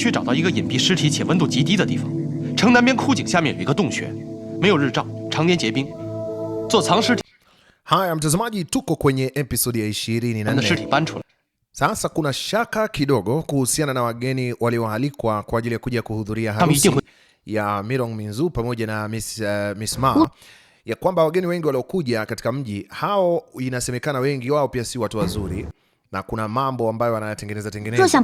去找到一个隐蔽尸体且温度极低的地方。城南边枯井下面有一个洞穴，没有日照，常年结冰。做藏尸体。Haya mtazamaji, tuko kwenye episodi ya ishirini na nne. Sasa kuna shaka kidogo kuhusiana na wageni walioalikwa kwa ajili ya kuja kuhudhuria harusi ya Mirong Minzu pamoja na Miss, uh, Miss Ma ya kwamba wageni wengi waliokuja katika mji hao, inasemekana wengi wao pia si watu wazuri na kuna mambo ambayo wanayatengeneza tengeneza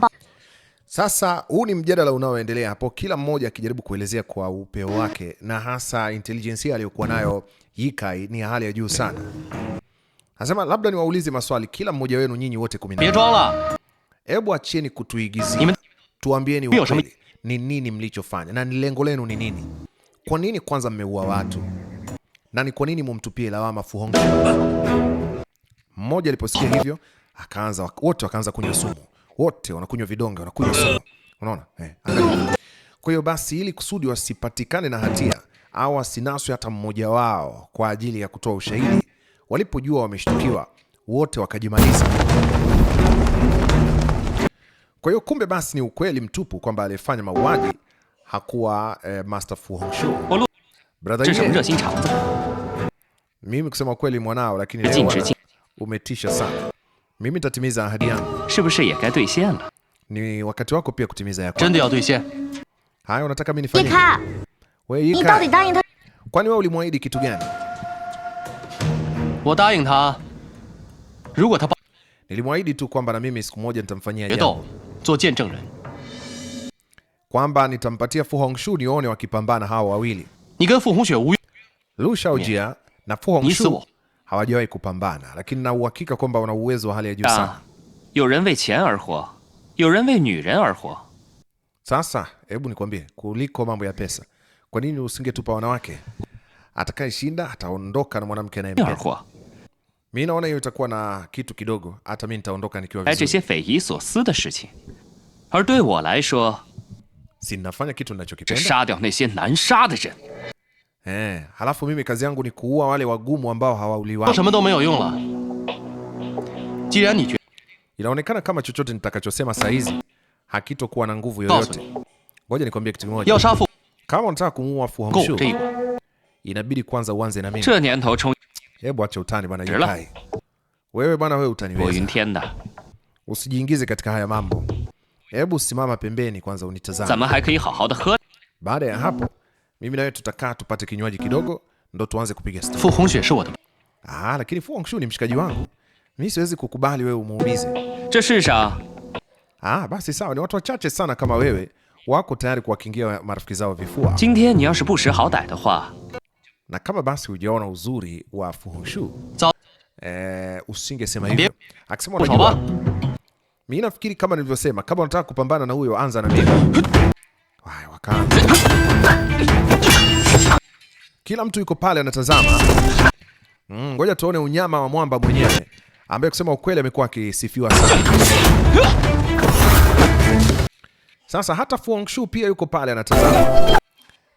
sasa huu ni mjadala unaoendelea hapo, kila mmoja akijaribu kuelezea kwa upeo wake, na hasa intelijensia aliyokuwa nayo Yikai ni hali ya juu sana. Anasema labda niwaulize maswali kila mmoja wenu, nyinyi wote kumi hebu achieni kutuigizia, tuambieni ukweli, ni nini mlichofanya na ni lengo lenu ni nini? Kwa nini kwanza mmeua watu na ni kwa nini mumtupie lawama Fu Hongxue? Mmoja aliposikia hivyo akaanza, wote wakaanza kunywa sumu wote wanakunywa vidonge, wanakunywa sumu. Unaona eh? Kwa hiyo basi, ili kusudi wasipatikane na hatia au asinaswe hata mmoja wao kwa ajili ya kutoa ushahidi, walipojua wameshtukiwa wote wakajimaliza. Kwa hiyo kumbe basi ni ukweli mtupu kwamba aliyefanya mauaji hakuwa eh, Master Fu Hongxue. Mimi kusema kweli mwanao, lakini leo umetisha sana mimi nitatimiza ahadi yangu. Ni wakati wako pia kutimiza yako. Haya, unataka mimi nifanye nini? Wewe Yika. Kwani wewe ulimwahidi kitu gani? Nilimwahidi tu kwamba na mimi siku moja nitamfanyia jambo. Kwamba nitampatia Fu Hongxue nione wakipambana hawa wawili. Lu Shaojia na Fu Hongxue hawajawahi kupambana, lakini na uhakika kwamba wana uwezo wa hali ya juu sana. yoren yoren wei wei qian nyuren Sasa hebu nikwambie, kuliko mambo ya pesa, kwa nini usingetupa wanawake? Atakayeshinda ataondoka na mwanamke anayempenda. Mi naona hiyo itakuwa na kitu kidogo, hata mi nitaondoka nikiwa vizuri. dui wo lai shuo, Sinafanya kitu ninachokipenda. na nan Eh, halafu mimi kazi yangu ni kuua wale wagumu ambao hawauliwani. Inaonekana kama chochote nitakachosema saa hizi hakitokuwa na nguvu yoyote. Ngoja nikwambie kitu kimoja. Kama unataka kumuua Fu Hongxue, inabidi kwanza uanze na mimi. Hebu acha utani bana Yukai. Wewe bana wewe utaniweza. Usijiingize katika haya mambo. Hebu simama pembeni kwanza unitazame. Baada ya hapo mimi nawe tutakaa tupate kinywaji kidogo, ndo tuanze kupiga stori. Fu Hongxue si wo de. Ah, lakini Fu Hongxue ni mshikaji wangu, mimi siwezi kukubali wewe umuulize. Ce shi shang. Ah, basi sawa, ni watu wachache sana kama wewe wako tayari kuwakingia marafiki zao vifua. Jintian ni yao shi bu shi hao dai de hua. Na kama basi hujaona uzuri wa Fu Hongxue. Eh, usingesema hivyo. Akisema unajua. Mimi nafikiri kama nilivyosema, kama unataka kupambana na huyo anza na mimi. Haya, wakaa kila mtu yuko pale anatazama. Mm, ngoja mm, tuone unyama wa mwamba mwenyewe ambaye kusema ukweli amekuwa akisifiwa sana. Sasa hata Fu Hongxue pia yuko pale anatazama,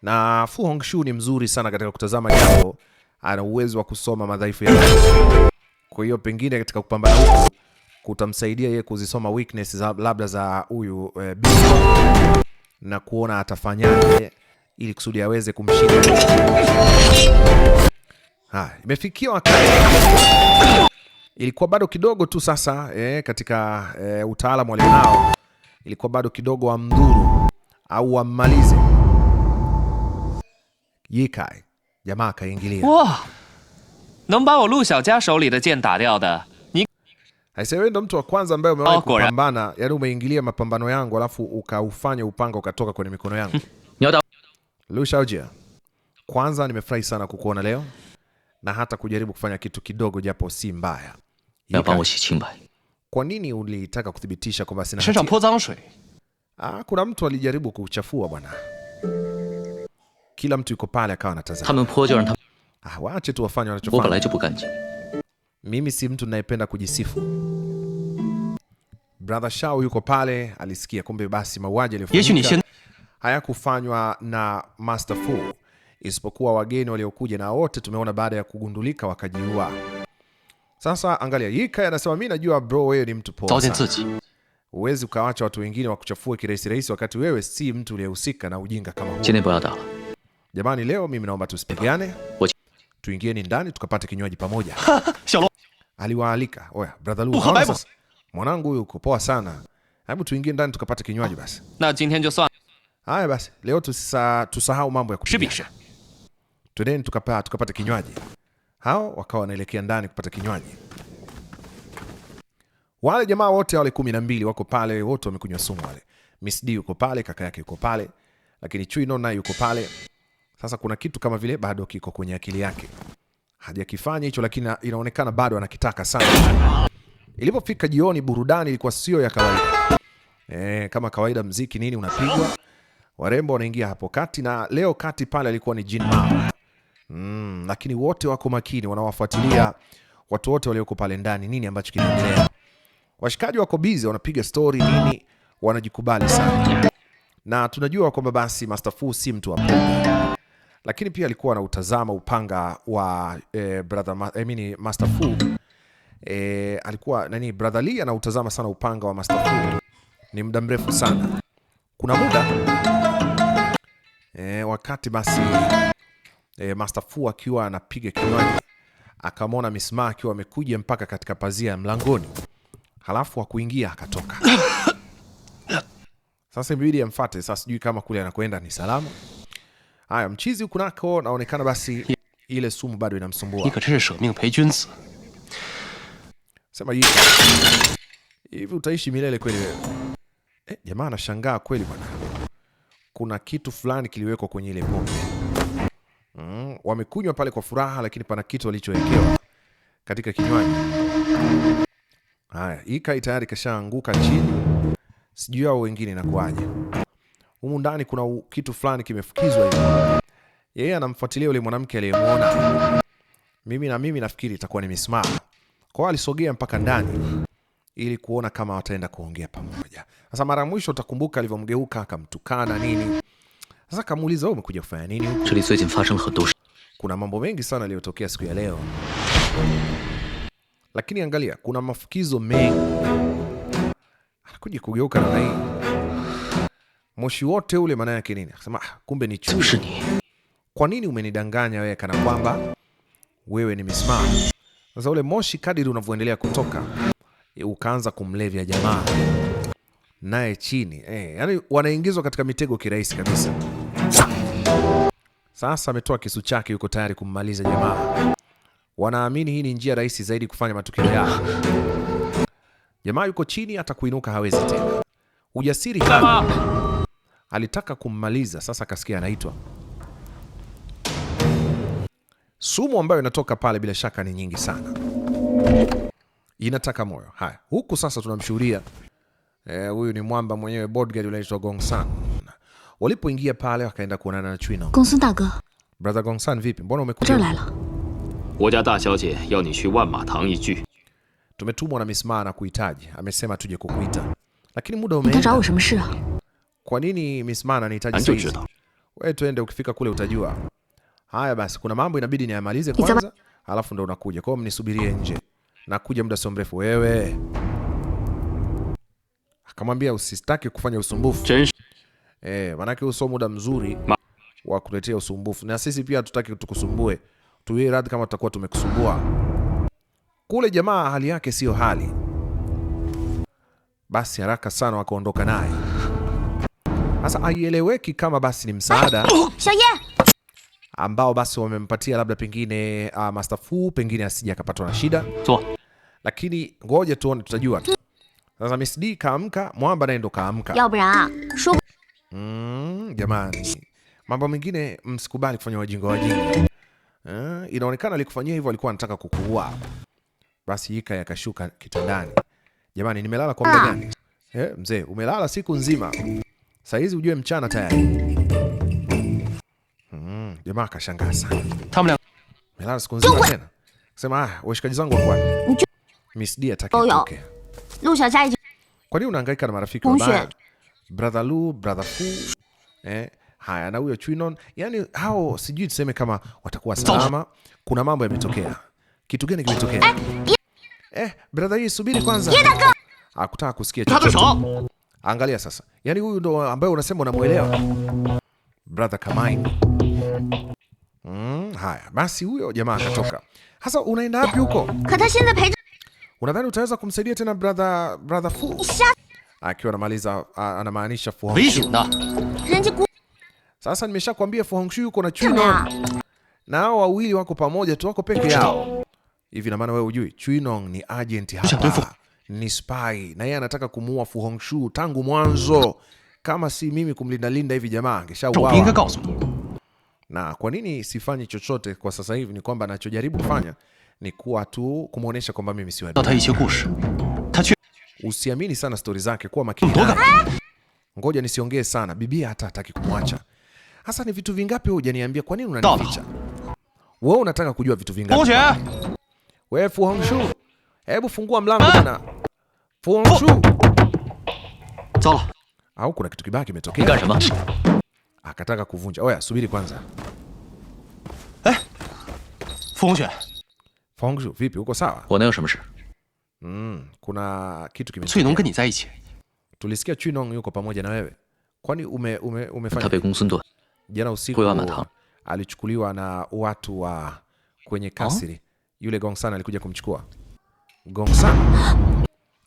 na Fu Hongxue ni mzuri sana katika kutazama jambo, ana uwezo wa kusoma madhaifu yao. Kwa hiyo pengine katika kupambana huko kutamsaidia yeye kuzisoma weakness labda za huyu eh, na kuona atafanyaje ili kusudi aweze kumshinda. Ha, imefikia wakati ilikuwa bado kidogo tu sasa eh, katika eh, utaalamu walionao ilikuwa bado kidogo wamdhuru au ammalize Ye Kai jamaa akaingilia. Wow. Namba wo Lu shou li de jian da diao de Aise, wewe ndo mtu wa kwanza ambaye umewahi kupambana, yani umeingilia mapambano yangu alafu ukaufanya upanga ukatoka kwenye mikono yangu. Lu Shaojia, kwanza nimefurahi sana kukuona leo na hata kujaribu kufanya kitu kidogo japo si mbaya. Kwa nini ulitaka kuthibitisha kwamba sina hatia? Ah, kuna mtu alijaribu kuchafua bwana. Kila mtu yuko pale akawa anatazama. Ah, waache tu wafanye wanachofanya. Mimi si mtu nayependa kujisifu. Brother Shao yuko pale, alisikia kumbe basi mauaji yaliyofanyika hayakufanywa na Master Fu isipokuwa wageni waliokuja na wote tumeona baada ya kugundulika wakajiua. Sasa angalia, Ye Kai anasema mimi najua bro, wewe ni mtu poa sana. Huwezi ukawacha watu wengine wakuchafue kirahisi rahisi wakati wewe si mtu uliyehusika na ujinga kama huu. Jamani, leo mimi naomba tusipigane. Tuingieni ndani tukapate kinywaji pamoja. aliwaalika oya, brother Lu, oh, mwanangu huyu uko poa sana, hebu tuingie ndani tukapate kinywaji basi. Na jinhen jo swan Haya basi, leo tusa, tusahau mambo ya kushibisha, twendeni tukapa, tukapate kinywaji. Hao wakawa wanaelekea ndani kupata kinywaji. Wale jamaa wote wale kumi na mbili wako pale, wote wamekunywa sumu wale. Miss D yuko pale, kaka yake yuko pale, lakini Chui Nona yuko pale. Sasa kuna kitu kama vile bado kiko kwenye akili yake hajakifanya hicho, lakini inaonekana bado anakitaka sana. Ilipofika jioni, burudani ilikuwa sio ya kawaida e, kama kawaida mziki nini unapigwa, warembo wanaingia hapo kati, na leo kati pale alikuwa ni Jin Mao mm, lakini wote wako makini, wanawafuatilia watu wote walioko pale ndani, nini ambacho kinaendelea. Washikaji wako busy, wanapiga story nini, wanajikubali sana, na tunajua kwamba basi Master Fu si mtu wa pombe lakini pia alikuwa anautazama upanga wa eh, brother ma, eh, mini Master Fu eh, alikuwa nani, brother Lee anautazama sana upanga wa Master Fu ni muda mrefu sana. Kuna muda eh, wakati basi eh, Master Fu akiwa anapiga kinywaji akamwona misma akiwa amekuja mpaka katika pazia ya mlangoni, halafu akuingia akatoka. Sasa imebidi amfuate. Sasa sijui kama kule anakwenda ni salama Haya, mchizi nako naonekana basi ile sumu bado inamsumbua. Sema hivi. Hivi utaishi milele kweli wewe? Eh, jamaa anashangaa kweli bwana. Kuna kitu fulani kiliwekwa kwenye ile pombe. Mm, wamekunywa pale kwa furaha lakini pana kitu walichowekewa katika kinywaji. Haya, Ikai tayari kashaanguka chini. Sijui hao wengine inakuwaje humu ndani kuna kitu fulani kimefukizwa hivi. Yeye anamfuatilia yule mwanamke aliyemuona. Mimi na mimi nafikiri itakuwa ni mismaa. Kwa hiyo alisogea mpaka ndani ili kuona kama wataenda kuongea pamoja. Sasa mara mwisho utakumbuka alivyomgeuka akamtukana nini. Sasa kamuuliza wewe umekuja kufanya nini huko? Kuna mambo mengi sana yaliyotokea siku ya leo. Lakini angalia kuna mafukizo mengi. Anakuja kugeuka na hii moshi wote ule maana yake nini? Akasema ah, kumbe ni chui. Kwa nini umenidanganya wewe kana kwamba wewe ni nimesimama? Sasa ule moshi kadiri unavyoendelea kutoka e, ukaanza kumlevya jamaa naye chini eh, yani wanaingizwa katika mitego kirahisi kabisa. Sasa ametoa kisu chake, yuko tayari kummaliza jamaa. Wanaamini hii ni njia rahisi zaidi kufanya matukio yao. Jamaa yuko chini, hata kuinuka hawezi tena. Ujasiri Alitaka kummaliza sasa, kasikia anaitwa. Sumu ambayo inatoka pale bila shaka ni nyingi sana, inataka moyo. Haya, huku sasa tunamshuhudia eh, huyu e, ni mwamba mwenyewe bodyguard anaitwa Gongsan. Walipoingia pale wakaenda kuonana na Chino. Gongsan daga. Brother Gongsan, vipi? Mbona umekuja? Tumetumwa na Miss na kuhitaji. Amesema tuje kukuita. Lakini muda umeenda. Kwa nini Miss Man anahitaji sisi? Wewe twende, ukifika kule utajua. Haya basi, kuna mambo inabidi niyamalize kwanza, alafu ndo unakuja. Kwa hiyo mnisubirie nje, nakuja muda sio mrefu. Wewe akamwambia usistaki kufanya usumbufu eh, manake usio muda mzuri wa kuletea usumbufu, na sisi pia hatutaki tukusumbue. Tuwe radhi kama tutakuwa tumekusumbua. Kule jamaa hali yake siyo hali. Basi haraka sana wakaondoka naye. Sasa haieleweki kama basi ni msaada ah, oh, ambao basi wamempatia labda pengine uh, Master Fu pengine asije akapatwa na shida, lakini ngoja tuone, tutajua tu. Sasa Miss D kaamka, mwamba naye ndo kaamka. Mm, jamani, mambo mengine msikubali kufanya wajinga wajinga. Uh, inaonekana alikufanyia hivyo, alikuwa anataka kukuua. Basi Ika yakashuka kitandani. Jamani, nimelala kwa muda ah. gani? Eh, mzee umelala siku nzima. Saizi ujue mchana tayari. Mm, jamaa akashangaa sana. Melala siku nzima tena. Sema ah, washikaji zangu wako wapi? Miss D ataki atoke. Kwa nini unahangaika na marafiki wabaya? Brother Lu, brother Fu. Eh, haya na huyo Chuinon. yani hao sijui tuseme kama watakuwa salama. Kuna mambo yametokea. Kitu gani kimetokea? Eh, eh brother hii subiri kwanza. Hakutaka kusikia chochote. Angalia sasa, yaani huyu ndo ambaye unasema unamwelewa brother Kamaini. Mm, haya basi, huyo jamaa akatoka. Sasa unaenda wapi huko? Unadhani utaweza kumsaidia tena brother brother Fu? Akiwa anamaliza anamaanisha Fu Hongxue. Ah. Sasa nimeshakwambia Fu Hongxue yuko na Chuinong. Na hao wawili wako pamoja tu, wako peke yao. Hivi na maana wewe hujui Chuinong ni agent hapa ni spy na yeye anataka kumuua Fu Hongxue tangu mwanzo. Kama si mimi kumlinda linda hivi jamaa angeshauawa. Na kwa nini sifanyi chochote kwa sasa hivi? Ni kwamba anachojaribu kufanya ni kuwa tu kumuonesha kwamba mimi si tota Usiamini sana stori zake, kuwa makini. Ngoja nisiongee sana, bibi hata hataki kumwacha. Hasa ni vitu vingapi wewe hujaniambia? Kwa nini tota. unanificha wewe? Unataka kujua vitu vingapi wewe Fu Hongxue? Hebu fungua mlango bwana. Fu Hongxue. Sawa. Au kuna kitu kibaya kimetokea. Akataka ah, kuvunja. Oya, subiri kwanza. Eh? Fu Hongxue. Fu Hongxue, vipi uko sawa? Mm, kuna kitu kimetokea. Tulisikia Cui Nong yuko pamoja na wewe. Kwani ume, ume, umefanya? Jana usiku alichukuliwa na watu wa kwenye oh? kasri. Yule Gongsan alikuja kumchukua. Gongsan.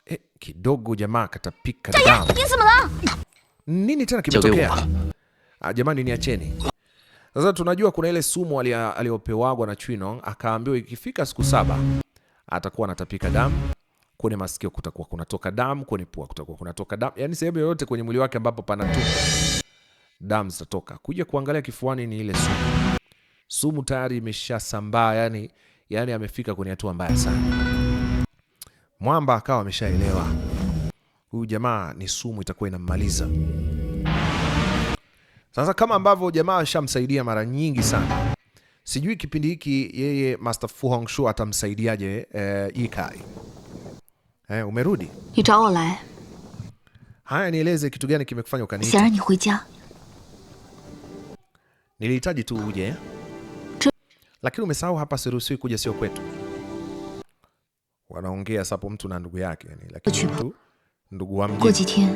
Eh, kidogo jamaa katapika damu. Nini tena kimetokea? Ah, jamani niacheni. Sasa tunajua kuna ile sumu aliyopewagwa na Chino, akaambiwa ikifika siku saba atakuwa anatapika damu. Kwenye masikio kutakuwa kunatoka damu, kwenye pua kutakuwa kunatoka damu. Yaani sehemu yoyote kwenye mwili wake ambapo panatoka damu zitatoka. Kuja kuangalia kifuani ni ile sumu. Sumu tayari imeshasambaa, yani yani amefika kwenye hatua mbaya sana. Mwamba akawa ameshaelewa huyu jamaa ni sumu, itakuwa inammaliza. Sasa kama ambavyo jamaa ashamsaidia mara nyingi sana, sijui kipindi hiki yeye Master Fu Hongxue atamsaidiaje? E, eh, Ye Kai e, eh, umerudi. Eh. Haya, nieleze kitu gani kimekufanya ukaniita? Nilihitaji tu uje, lakini umesahau hapa siruhusiwi kuja, sio kwetu wanaongea sapo mtu na ndugu yake yani, lakini mtu ndugu wa mjini.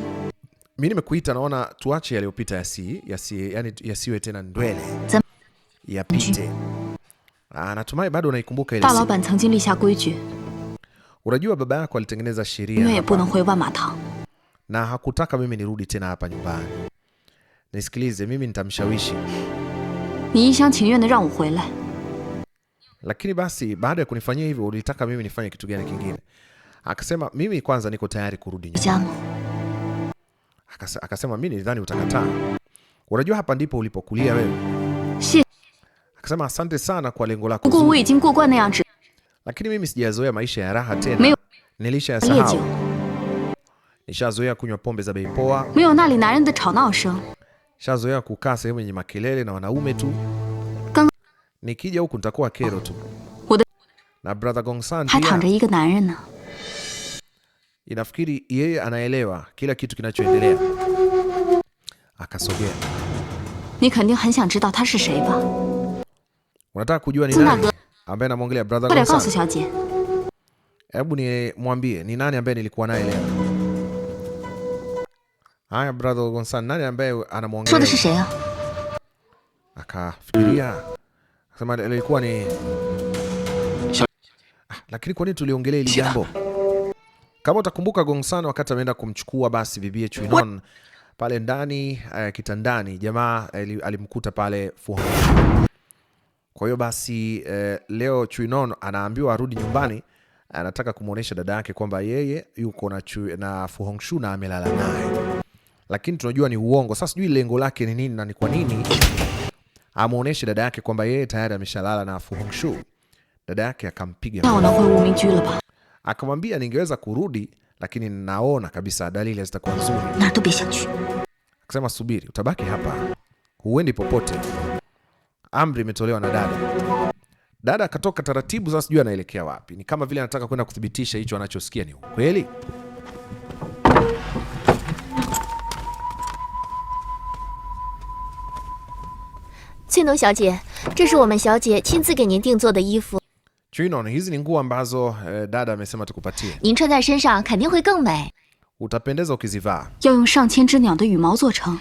Mimi nimekuita naona tuache yaliyopita yasi, yasi, yani yasiwe tena ndwele yapite. Ah, natumai bado unaikumbuka ile siku. Unajua baba yako alitengeneza sheria na hakutaka mimi nirudi tena hapa nyumbani. Nisikilize, mimi nitamshawishi. Ni yishang qingyuan de rang wo huilai lakini basi baada ya kunifanyia hivyo, ulitaka mimi nifanye kitu gani kingine? Akasema mimi kwanza niko tayari kurudi nyumbani. Akasema mimi nilidhani utakataa. Unajua hapa ndipo ulipokulia wewe. Akasema asante sana kwa lengo lako. Lakini mimi sijazoea maisha ya raha tena. Nilishasahau. Nishazoea kunywa pombe za bei poa. Shazoea kukaa sehemu yenye makelele na wanaume tu nikija huku nitakuwa kero tu. Na brother Gongsan pia inafikiri yeye anaelewa kila kitu kinachoendelea. Akasogea. Unataka kujua ni nani ambaye anamwongelea brother Gongsan? Hebu ni mwambie ni nani ambaye nilikuwa naye leo. Haya brother Gongsan, nani ambaye anamwongelea? Akafikiria Sema ilikuwa ni ah, lakini kwa nini tuliongelea hili jambo? Kama utakumbuka Gong San wakati ameenda kumchukua basi bibie Chuinon pale ndani uh, kitandani jamaa uh, alimkuta pale Fu Hongxue. Kwa hiyo basi uh, leo Chuinon anaambiwa arudi nyumbani, anataka kumuonesha dada yake kwamba yeye yuko na, na Fu Hongxue na amelala naye, lakini tunajua ni uongo. Sasa sijui lengo lake ni nini na ni kwa nini amwonyeshe dada yake kwamba yeye tayari ameshalala na Fu Hongxue. Dada yake akampiga, akamwambia ningeweza kurudi, lakini naona kabisa dalili zitakuwa nzuri. Akasema subiri, utabaki hapa, huendi popote. Amri imetolewa na dada. Dada akatoka taratibu, sasa sijui anaelekea wapi. Ni kama vile anataka kwenda kuthibitisha hicho anachosikia ni ukweli. 翠农小姐，这是我们小姐亲自给您定做的衣服。Junon, hizi ni nguo ambazo eh, dada amesema tukupatie. 您穿在身上肯定会更美，Utapendeza ukizivaa. 要用上千只鸟的羽毛做成。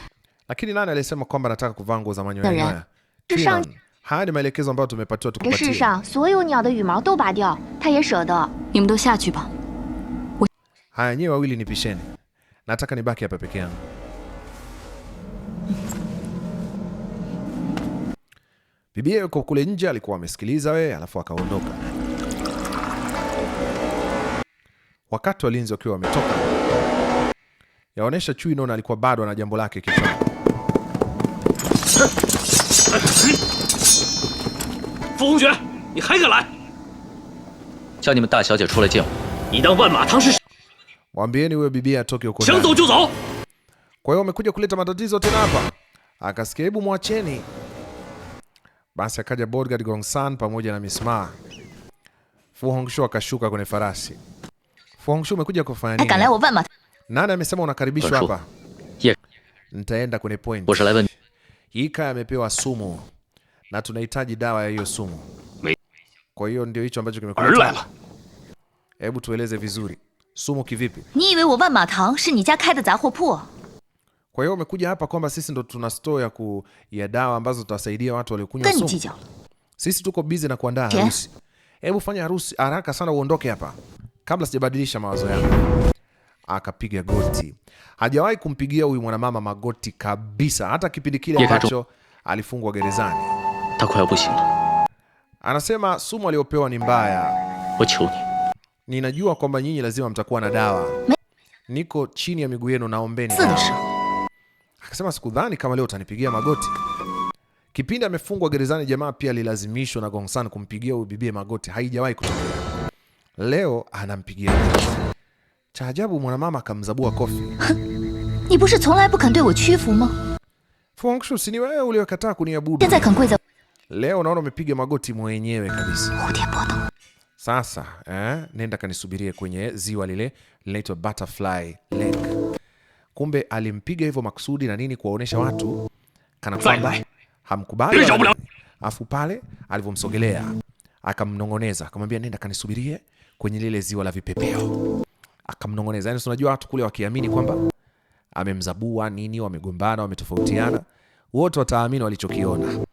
Lakini nani alisema kwamba nataka kuvaa nguo za manyoya Ndio. yanyoya? Junon, Shang- haya ni maelekezo ambayo tumepatiwa 这世 tukupatie. 上所有鸟的羽毛都拔掉，她也舍得。你们都下去吧，Haya, nyewe wawili nipisheni. Nataka nibaki hapa peke yangu. Bibiye yuko kule nje, alikuwa amesikiliza we, alafu akaondoka. Wakati walinzi wakiwa wametoka, yaonyesha chui naona alikuwa bado ana jambo lake kichwani. Waambieni huyo bibi atoke huko. Kwa hiyo amekuja kuleta matatizo tena hapa. Akasikia, hebu mwacheni basi akaja Bogard Gongsan pamoja na mismaa. Fu Hongxue akashuka kwenye farasi. Fu Hongxue, umekuja kufanya nini? Nani amesema unakaribishwa hapa? Nitaenda kwenye point. Yika amepewa sumu na tunahitaji dawa ya hiyo sumu. Kwa hiyo ndio hicho ambacho kimekuleta. Hebu tueleze vizuri. Sumu kivipi? wa si Ni kai de puo. Kwa hiyo umekuja hapa kwamba sisi ndo tuna store ya, ku, ya dawa ambazo tutawasaidia watu waliokunywa sumu. Sisi tuko busy na kuandaa harusi. Hebu fanya harusi haraka sana uondoke hapa kabla sijabadilisha mawazo yangu. Akapiga goti. Hajawahi kumpigia huyu mwanamama magoti kabisa hata kipindi kile ambacho alifungwa gerezani. Anasema sumu aliyopewa ni mbaya. Ninajua kwamba nyinyi lazima mtakuwa na dawa. Niko chini ya miguu yenu, naombeni. Akasema sikudhani kama leo utanipigia magoti. Kipindi amefungwa gerezani, jamaa pia alilazimishwa na Gong San kumpigia huyu bibie magoti, haijawahi kutokea. Leo anampigia. Cha ajabu mwanamama akamzabua kofi. Ni bushi shi conglai kan dui wo qufu ma? Feng Shui, si ni wewe uliyokataa kuniabudu. Leo naona umepiga magoti mwenyewe kabisa. Sasa eh, nenda kanisubirie kwenye ziwa lile linaloitwa Butterfly Lake. Kumbe alimpiga hivyo maksudi na nini, kuwaonyesha watu kana kwamba hamkubali. Afu pale alivyomsogelea akamnongoneza, akamwambia nenda kanisubirie kwenye lile ziwa la vipepeo, akamnongoneza. Yani unajua watu kule wakiamini kwamba amemzabua nini, wamegombana, wametofautiana, wote wataamini walichokiona.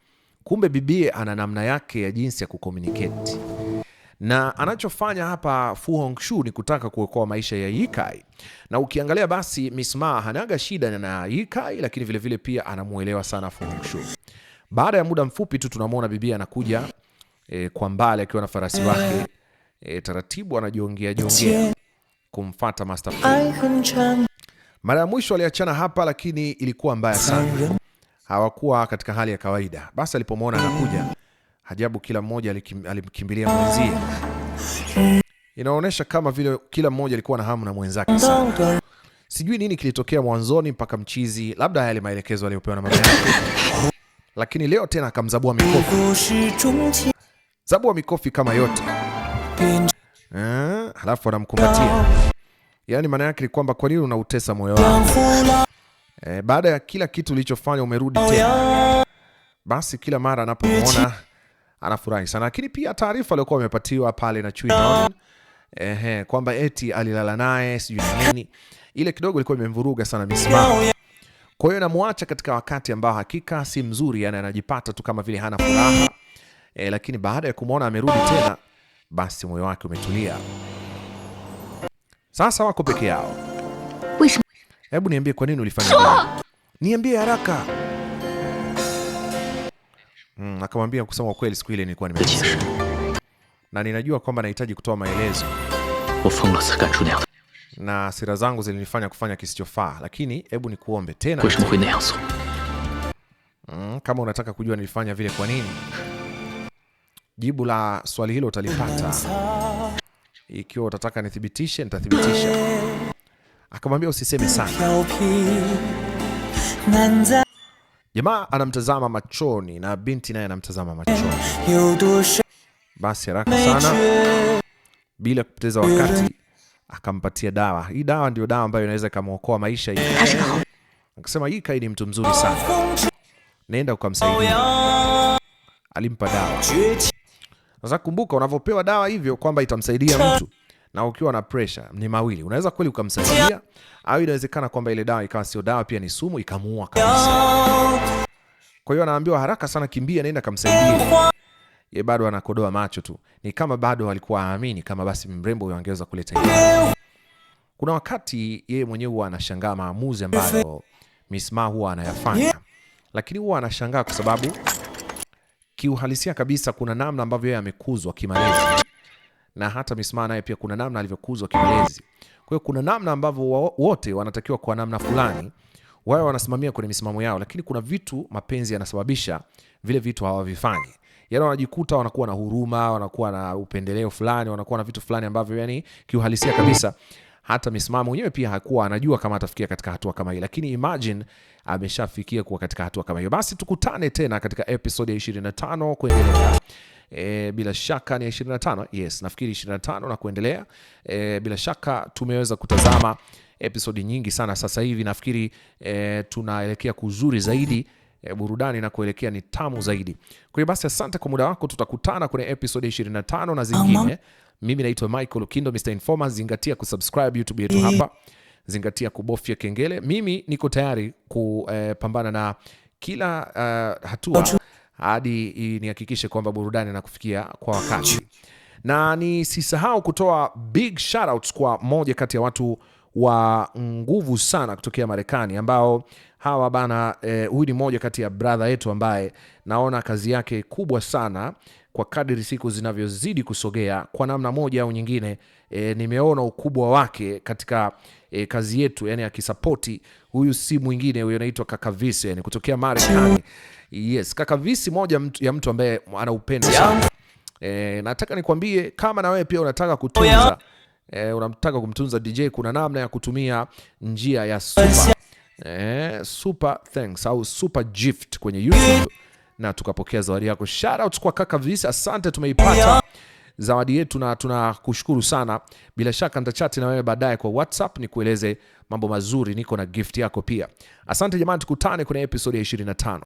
Kumbe bibie ana namna yake ya jinsi ya kucommunicate na anachofanya hapa Fu Hongxue ni kutaka kuokoa maisha ya Ye Kai, na ukiangalia basi Miss Ma hanaga shida na Ye Kai, lakini vile vile pia anamuelewa sana Fu Hongxue. Baada ya muda mfupi tu tunamwona bibi anakuja e, kwa mbali akiwa na farasi wake e, taratibu anajiongea jongea kumfata Master Fu. Mara ya mwisho aliachana hapa, lakini ilikuwa mbaya sana, hawakuwa katika hali ya kawaida. Basi alipomwona anakuja mm. Ajabu, kila mmoja alimkimbilia mwenzie. Inaonyesha kama vile kila mmoja alikuwa na hamu na mwenzake sana. Sijui nini kilitokea mwanzoni mpaka mchizi, labda yale maelekezo aliyopewa na mama yake, lakini leo tena akamzabua mikofi, zabua mikofi kama yote ha, eh, halafu anamkumbatia. Yani maana yake ni kwamba kwa nini unautesa moyo wangu e? Eh, baada ya kila kitu ulichofanya umerudi tena. Basi kila mara anapomwona anafurahi sana, lakini pia taarifa aliyokuwa amepatiwa pale na Chui Nonan ehe, kwamba eti alilala naye sijui nini, ile kidogo ilikuwa imemvuruga sana misimamo. Kwa hiyo namwacha katika wakati ambao hakika si mzuri, yani anajipata tu kama vile hana furaha e, lakini baada ya kumwona amerudi tena, basi moyo wake umetulia. Sasa wako peke yao. Hebu niambie kwa nini ulifanya? Niambie haraka. Mm, akamwambia kusema kweli, siku ile nilikuwa nimekasirika na ninajua kwamba nahitaji kutoa maelezo na sira zangu zilinifanya kufanya kisichofaa, lakini hebu nikuombe tena. Mm, kama unataka kujua nilifanya vile kwa nini, jibu la swali hilo utalipata ikiwa utataka nithibitishe, nitathibitisha. Akamwambia usiseme sana Jamaa anamtazama machoni na binti naye anamtazama machoni. Basi haraka sana, bila kupoteza wakati, akampatia dawa. Hii dawa ndio dawa ambayo inaweza ikamwokoa maisha. akasema, hii Kai ni mtu mzuri sana, naenda ukamsaidia. Alimpa dawa. Sasa kumbuka, unavyopewa dawa hivyo kwamba itamsaidia mtu na ukiwa na pressure ni mawili, unaweza kweli ukamsaidia, au inawezekana kwamba ile dawa ikawa sio dawa, pia ni sumu ikamuua kabisa. Kwa hiyo anaambiwa haraka sana, kimbia, nenda kamsaidia. Ye bado anakodoa macho tu, ni kama bado alikuwa aamini kama basi mrembo huyo angeweza kuleta hiyo. Kuna wakati yeye mwenyewe huwa anashangaa maamuzi ambayo Miss Ma huwa anayafanya, lakini huwa anashangaa kwa sababu kiuhalisia kabisa kuna namna ambavyo yeye amekuzwa kimalezi na hata misimaa naye pia kuna namna alivyokuzwa kimlezi. Kwa hiyo kuna namna ambavyo wote wanatakiwa kwa namna fulani wao wanasimamia kwenye misimamo yao, lakini kuna vitu mapenzi yanasababisha vile vitu hawavifanyi. Yaani wanajikuta wanakuwa na huruma, wanakuwa na upendeleo fulani, wanakuwa na vitu fulani ambavyo yani kiuhalisia kabisa hata misimamo mwenyewe pia hakuwa anajua kama atafikia katika hatua kama hii, lakini imagine ameshafikia kuwa katika hatua kama hiyo. Basi tukutane tena katika episode ya 25 kuendelea e, bila shaka ni 25. Yes, nafikiri 25 na kuendelea. E, bila shaka tumeweza kutazama episodi nyingi sana sasa hivi. Nafikiri e, tunaelekea kuzuri zaidi e, burudani na kuelekea ni tamu zaidi. Kwa hiyo basi, asante kwa muda wako, tutakutana kwenye episodi 25 na zingine. Mimi naitwa Michael Kindo, Mr Informer. Zingatia kusubscribe YouTube yetu eh. hapa, zingatia kubofya kengele. Mimi niko tayari kupambana e, na kila uh, hatua hadi nihakikishe kwamba burudani inakufikia kwa wakati, na nisisahau kutoa big shoutouts kwa moja kati ya watu wa nguvu sana kutokea Marekani ambao hawa bana eh, huyu ni mmoja kati ya brother yetu ambaye naona kazi yake kubwa sana kwa kadiri siku zinavyozidi kusogea, kwa namna moja au nyingine e, nimeona ukubwa wake katika e, kazi yetu, yani akisapoti huyu si mwingine huyo anaitwa kakavisi yani kutokea Marekani. Yes, kakavisi moja mtu, ya mtu ambaye anaupenda sana e, nataka nikwambie kama na wewe pia unataka kutunza e, unamtaka kumtunza DJ, kuna namna ya kutumia njia ya super. E, super thanks au super gift kwenye YouTube na tukapokea zawadi yako. Shoutouts kwa kaka Visa, asante, tumeipata zawadi yetu na tunakushukuru sana. Bila shaka nitachati na wewe baadaye kwa WhatsApp nikueleze mambo mazuri, niko na gift yako pia. Asante jamani, tukutane kwenye episodi ya 25.